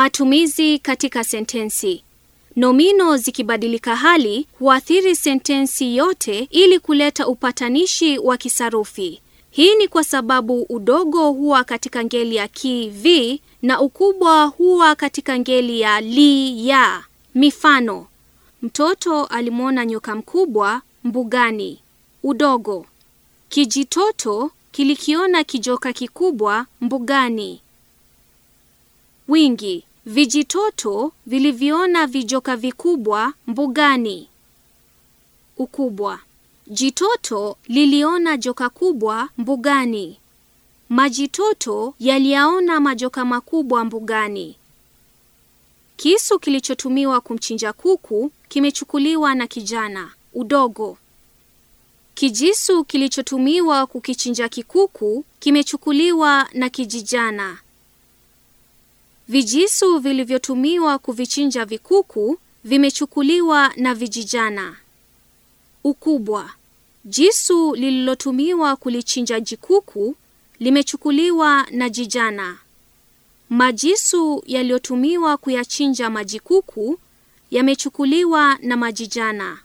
Matumizi katika sentensi. Nomino zikibadilika hali huathiri sentensi yote ili kuleta upatanishi wa kisarufi. Hii ni kwa sababu udogo huwa katika ngeli ya ki vi na ukubwa huwa katika ngeli ya li ya. Mifano: mtoto alimwona nyoka mkubwa mbugani. Udogo: kijitoto kilikiona kijoka kikubwa mbugani. Wingi: Vijitoto vilivyoona vijoka vikubwa mbugani. Ukubwa. Jitoto liliona joka kubwa mbugani. Majitoto yaliyaona majoka makubwa mbugani. Kisu kilichotumiwa kumchinja kuku kimechukuliwa na kijana. Udogo. Kijisu kilichotumiwa kukichinja kikuku kimechukuliwa na kijijana. Vijisu vilivyotumiwa kuvichinja vikuku vimechukuliwa na vijijana. Ukubwa: jisu lililotumiwa kulichinja jikuku limechukuliwa na jijana. Majisu yaliyotumiwa kuyachinja majikuku yamechukuliwa na majijana.